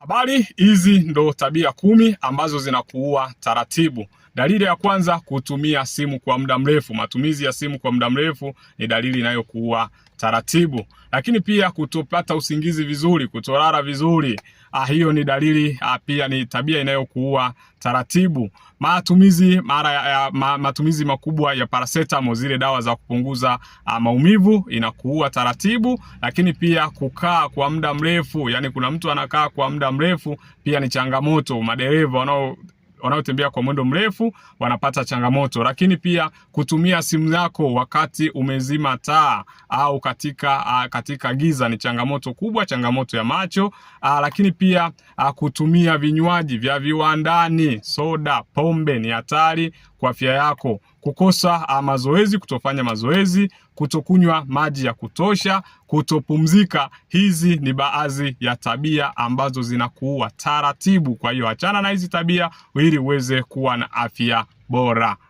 Habari, hizi ndo tabia kumi ambazo zinakuua taratibu. Dalili ya kwanza, kutumia simu kwa muda mrefu. Matumizi ya simu kwa muda mrefu ni dalili inayokuwa taratibu, lakini pia kutopata usingizi vizuri, kutolala vizuri. Ah, hiyo ni dalili ah, pia ni tabia inayokuwa taratibu. Matumizi mara ya, ma, matumizi makubwa ya paracetamol, zile dawa za kupunguza ah, maumivu inakuwa taratibu, lakini pia kukaa kwa muda mrefu, yani kuna mtu anakaa kwa muda mrefu pia ni changamoto. Madereva wanao wanaotembea kwa mwendo mrefu wanapata changamoto, lakini pia kutumia simu yako wakati umezima taa au katika a, katika giza ni changamoto kubwa, changamoto ya macho a, lakini pia a, kutumia vinywaji vya viwandani, soda, pombe ni hatari kwa afya yako. Kukosa mazoezi, kutofanya mazoezi kutokunywa maji ya kutosha, kutopumzika. Hizi ni baadhi ya tabia ambazo zinakuua taratibu. Kwa hiyo achana na hizi tabia ili uweze kuwa na afya bora.